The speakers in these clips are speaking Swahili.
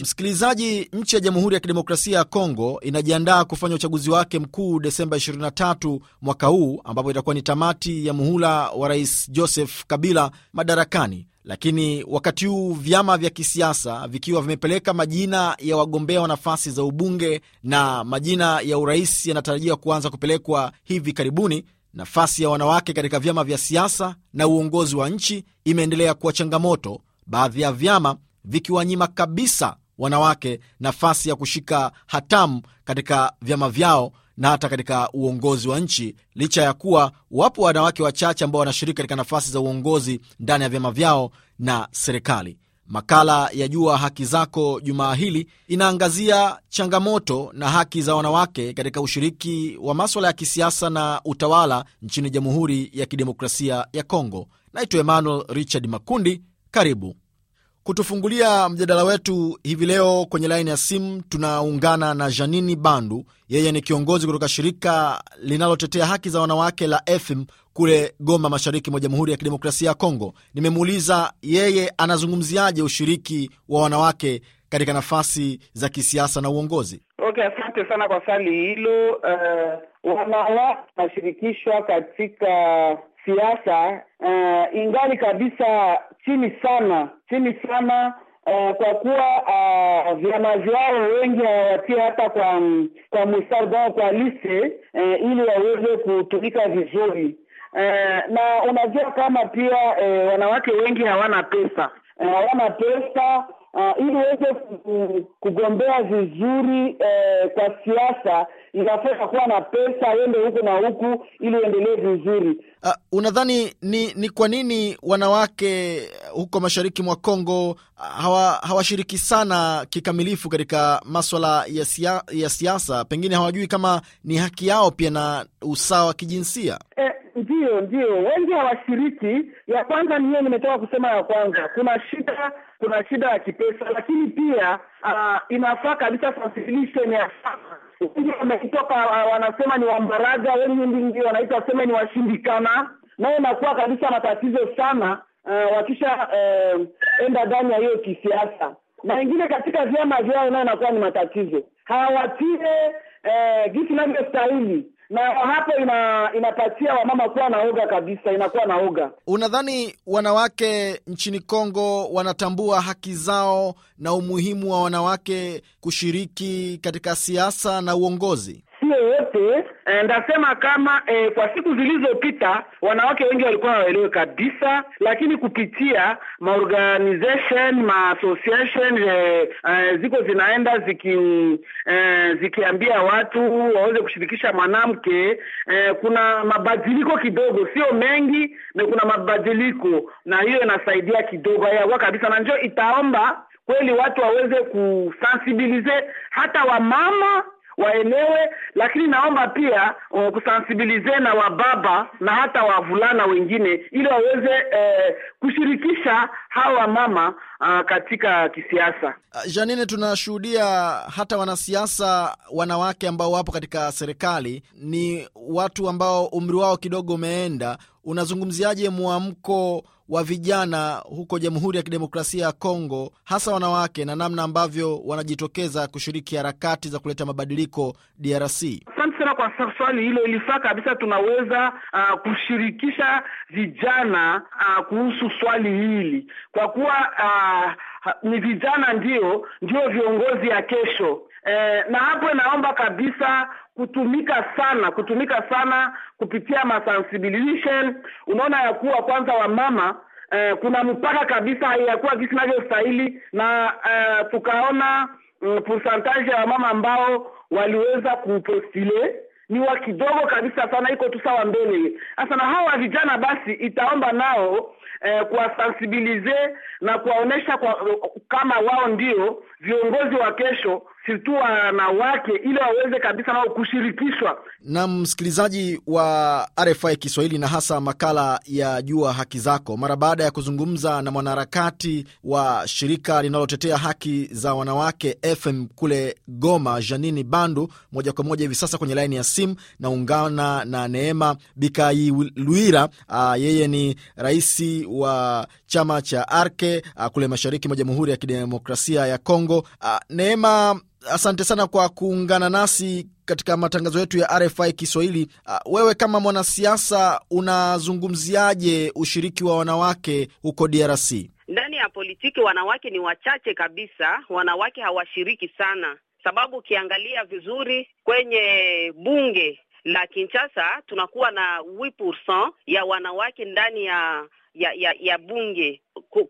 nchi. Msikilizaji, nchi ya Jamhuri ya Kidemokrasia ya Kongo inajiandaa kufanya uchaguzi wake mkuu Desemba 23 mwaka huu, ambapo itakuwa ni tamati ya muhula wa Rais Joseph Kabila madarakani. Lakini wakati huu vyama vya kisiasa vikiwa vimepeleka majina ya wagombea wa nafasi za ubunge na majina ya urais yanatarajiwa kuanza kupelekwa hivi karibuni. Nafasi ya wanawake katika vyama vya siasa na uongozi wa nchi imeendelea kuwa changamoto, baadhi ya vyama vikiwanyima kabisa wanawake nafasi ya kushika hatamu katika vyama vyao na hata katika uongozi wa nchi, licha ya kuwa wapo wanawake wachache ambao wanashiriki katika nafasi za uongozi ndani ya vyama vyao na serikali. Makala ya Jua Haki Zako jumaa hili inaangazia changamoto na haki za wanawake katika ushiriki wa maswala ya kisiasa na utawala nchini Jamhuri ya Kidemokrasia ya Kongo. Naitwa Emmanuel Richard Makundi. Karibu kutufungulia mjadala wetu hivi leo kwenye laini ya simu tunaungana na Janini Bandu. Yeye ni kiongozi kutoka shirika linalotetea haki za wanawake la fm kule Goma, mashariki mwa Jamhuri ya Kidemokrasia ya Kongo. Nimemuuliza yeye anazungumziaje ushiriki wa wanawake katika nafasi za kisiasa na uongozi. Okay, asante sana kwa swali hilo. Uh, wanawake wanashirikishwa katika siasa uh, ingali kabisa chini sana chini sana uh, kwa kuwa uh, vyama vyao wengi hawatie hata kwa kwa musarba kwa lise uh, ili waweze kutumika vizuri uh, na unajua kama pia uh, wanawake wengi hawana pesa hawana uh, pesa uh, ili uweze kugombea vizuri eh, kwa siasa inafaa kuwa na pesa ende huku na huku ili uendelee vizuri. Uh, unadhani ni ni kwa nini wanawake huko mashariki mwa Kongo ah, hawa, hawashiriki sana kikamilifu katika maswala ya siasa? Pengine hawajui kama ni haki yao pia na usawa wa kijinsia. Eh, ndio ndio wengi hawashiriki. Ya kwanza ni hiyo, nimetoka kusema ya kwanza, kuna shida, kuna shida ya kipesa, lakini pia uh, inafaa kabisa constitution ya wengi wameitoka, ah, wanasema ni wambaraga, wengi wanaita sema ni washindikana, nayo inakuwa kabisa matatizo sana uh, wakisha uh, enda ndani ya hiyo kisiasa, na wengine katika vyama vyao, nayo inakuwa ni matatizo, hawatie uh, jinsi inavyostahili na hapo ina, inapatia wamama kuwa na uga kabisa, inakuwa na uga. Unadhani wanawake nchini Kongo wanatambua haki zao na umuhimu wa wanawake kushiriki katika siasa na uongozi? Sio yote eh, ndasema kama e, kwa siku zilizopita wanawake wengi walikuwa hawaelewe kabisa, lakini kupitia maorganization ma association e, e, ziko zinaenda ziki e, zikiambia watu waweze kushirikisha mwanamke e, kuna mabadiliko kidogo, sio mengi, na kuna mabadiliko, na hiyo inasaidia kidogo yawa kabisa, na njoo itaomba kweli watu waweze kusensibilize hata wamama waelewe, lakini naomba pia uh, kusansibilize na wababa na hata wavulana wengine ili waweze uh, kushirikisha hawa mama uh, katika kisiasa. Uh, Janine, tunashuhudia hata wanasiasa wanawake ambao wapo katika serikali ni watu ambao umri wao kidogo umeenda, unazungumziaje mwamko wa vijana huko Jamhuri ya Kidemokrasia ya Kongo, hasa wanawake na namna ambavyo wanajitokeza kushiriki harakati za kuleta mabadiliko DRC? Asante sana kwa swali hilo. Ilifaa kabisa, tunaweza uh, kushirikisha vijana uh, kuhusu swali hili kwa kuwa uh, ni vijana ndio ndio viongozi ya kesho eh, na hapo naomba kabisa kutumika sana kutumika sana kupitia masensibilization. Unaona ya kuwa kwanza wamama eh, kuna mpaka kabisa yakuwa gisi inavyostahili na eh, tukaona mm, percentage ya wamama ambao waliweza kupostile ni wa kidogo kabisa sana, iko tu sawa mbele sasa. Na hawa vijana basi itaomba nao eh, kuwasensibilize na kuwaonesha kwa, kama wao ndio viongozi wa kesho situ wanawake ili waweze kabisa nao kushirikishwa. Na msikilizaji wa RFI Kiswahili na hasa makala ya Jua Haki Zako, mara baada ya kuzungumza na mwanaharakati wa shirika linalotetea haki za wanawake FM kule Goma, Janini Bandu, moja kwa moja hivi sasa kwenye laini ya simu naungana na Neema Bikai Luira. Aa, ah, yeye ni rais wa chama cha Arke ah, kule mashariki mwa Jamhuri ya Kidemokrasia ya Kongo. Aa, ah, Neema Asante sana kwa kuungana nasi katika matangazo yetu ya RFI Kiswahili. Ah, wewe kama mwanasiasa unazungumziaje ushiriki wa wanawake huko DRC? Ndani ya politiki wanawake ni wachache kabisa, wanawake hawashiriki sana, sababu ukiangalia vizuri kwenye bunge la Kinshasa tunakuwa na 8% ya wanawake ndani ya ya ya, ya bunge ku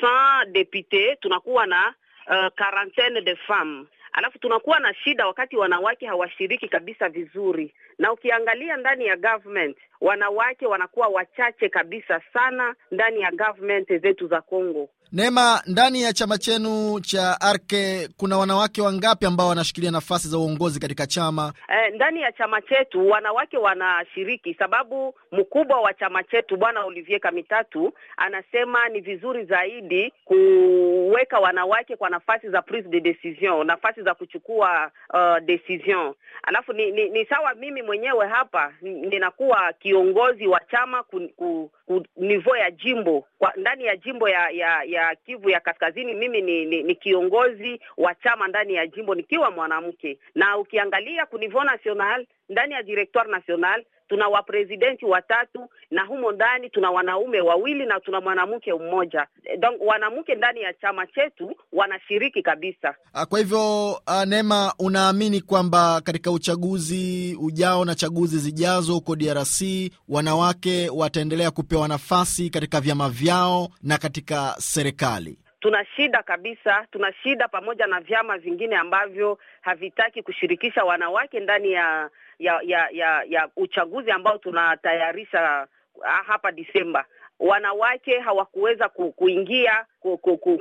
500 depute tunakuwa na euh, quarantaine uh, de femmes alafu tunakuwa na shida wakati wanawake hawashiriki kabisa vizuri, na ukiangalia ndani ya government wanawake wanakuwa wachache kabisa sana ndani ya government zetu za Kongo. Neema, ndani ya chama chenu cha Arke kuna wanawake wangapi ambao wanashikilia nafasi za uongozi katika chama? Eh, ndani ya chama chetu wanawake wanashiriki, sababu mkubwa wa chama chetu Bwana Olivier Kamitatu anasema ni vizuri zaidi kuweka wanawake kwa nafasi za prise de decision, nafasi za kuchukua uh, decision. Alafu ni, ni, ni sawa mimi mwenyewe hapa ninakuwa kiongozi wa chama ku, ku, nivo ya jimbo kwa ndani ya jimbo ya ya, ya Kivu ya Kaskazini. Mimi ni, ni, ni kiongozi wa chama ndani ya jimbo nikiwa mwanamke, na ukiangalia kunivo national ndani ya directoire national tuna waprezidenti watatu na humo ndani tuna wanaume wawili na tuna mwanamke mmoja. wanamke ndani ya chama chetu wanashiriki kabisa. Ah, kwa hivyo, ah, Neema, unaamini kwamba katika uchaguzi ujao na chaguzi zijazo huko DRC wanawake wataendelea kupewa nafasi katika vyama vyao na katika serikali? Tuna shida kabisa, tuna shida pamoja na vyama vingine ambavyo havitaki kushirikisha wanawake ndani ya ya ya ya ya uchaguzi ambao tunatayarisha ah, hapa Disemba, wanawake hawakuweza kuingia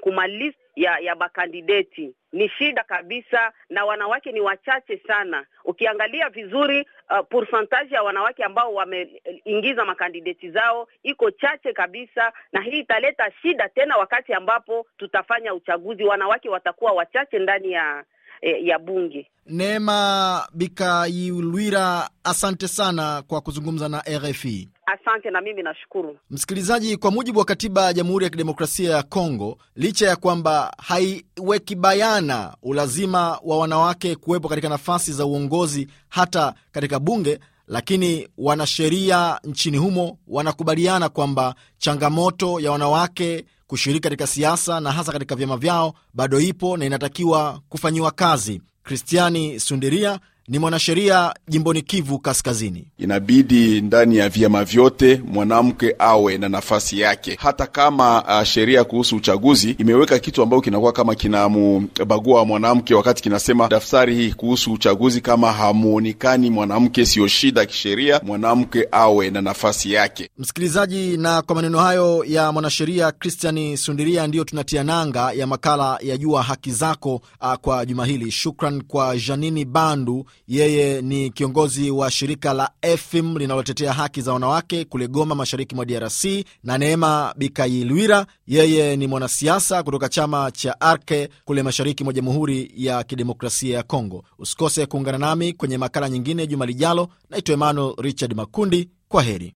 kumaliza ya ya makandideti. Ni shida kabisa, na wanawake ni wachache sana. Ukiangalia vizuri, uh, ah, pourcentage ya wanawake ambao wameingiza makandideti zao iko chache kabisa, na hii italeta shida tena wakati ambapo tutafanya uchaguzi, wanawake watakuwa wachache ndani ya Eh, ya bunge. Neema Bikailwira, asante sana kwa kuzungumza na RFI. Asante na mimi nashukuru. Msikilizaji, kwa mujibu wa katiba ya Jamhuri ya Kidemokrasia ya Kongo, licha ya kwamba haiweki bayana ulazima wa wanawake kuwepo katika nafasi za uongozi hata katika bunge, lakini wanasheria nchini humo wanakubaliana kwamba changamoto ya wanawake kushiriki katika siasa na hasa katika vyama vyao bado ipo na inatakiwa kufanyiwa kazi. Kristiani Sundiria ni mwanasheria jimboni Kivu Kaskazini. Inabidi ndani ya vyama vyote mwanamke awe na nafasi yake, hata kama uh, sheria kuhusu uchaguzi imeweka kitu ambayo kinakuwa kama kinambagua mwanamke, wakati kinasema daftari hii kuhusu uchaguzi, kama hamuonekani mwanamke, siyo shida kisheria, mwanamke awe na nafasi yake. Msikilizaji, na kwa maneno hayo ya mwanasheria Christian Sundiria, ndiyo tunatia nanga ya makala ya Jua Haki Zako uh, kwa juma hili. Shukran kwa Janini Bandu yeye ni kiongozi wa shirika la fm linalotetea haki za wanawake kule Goma, mashariki mwa DRC, na Neema Bikayilwira, yeye ni mwanasiasa kutoka chama cha Arke kule mashariki mwa Jamhuri ya Kidemokrasia ya Kongo. Usikose kuungana nami kwenye makala nyingine juma lijalo. Naitwa Emmanuel Richard Makundi, kwa heri.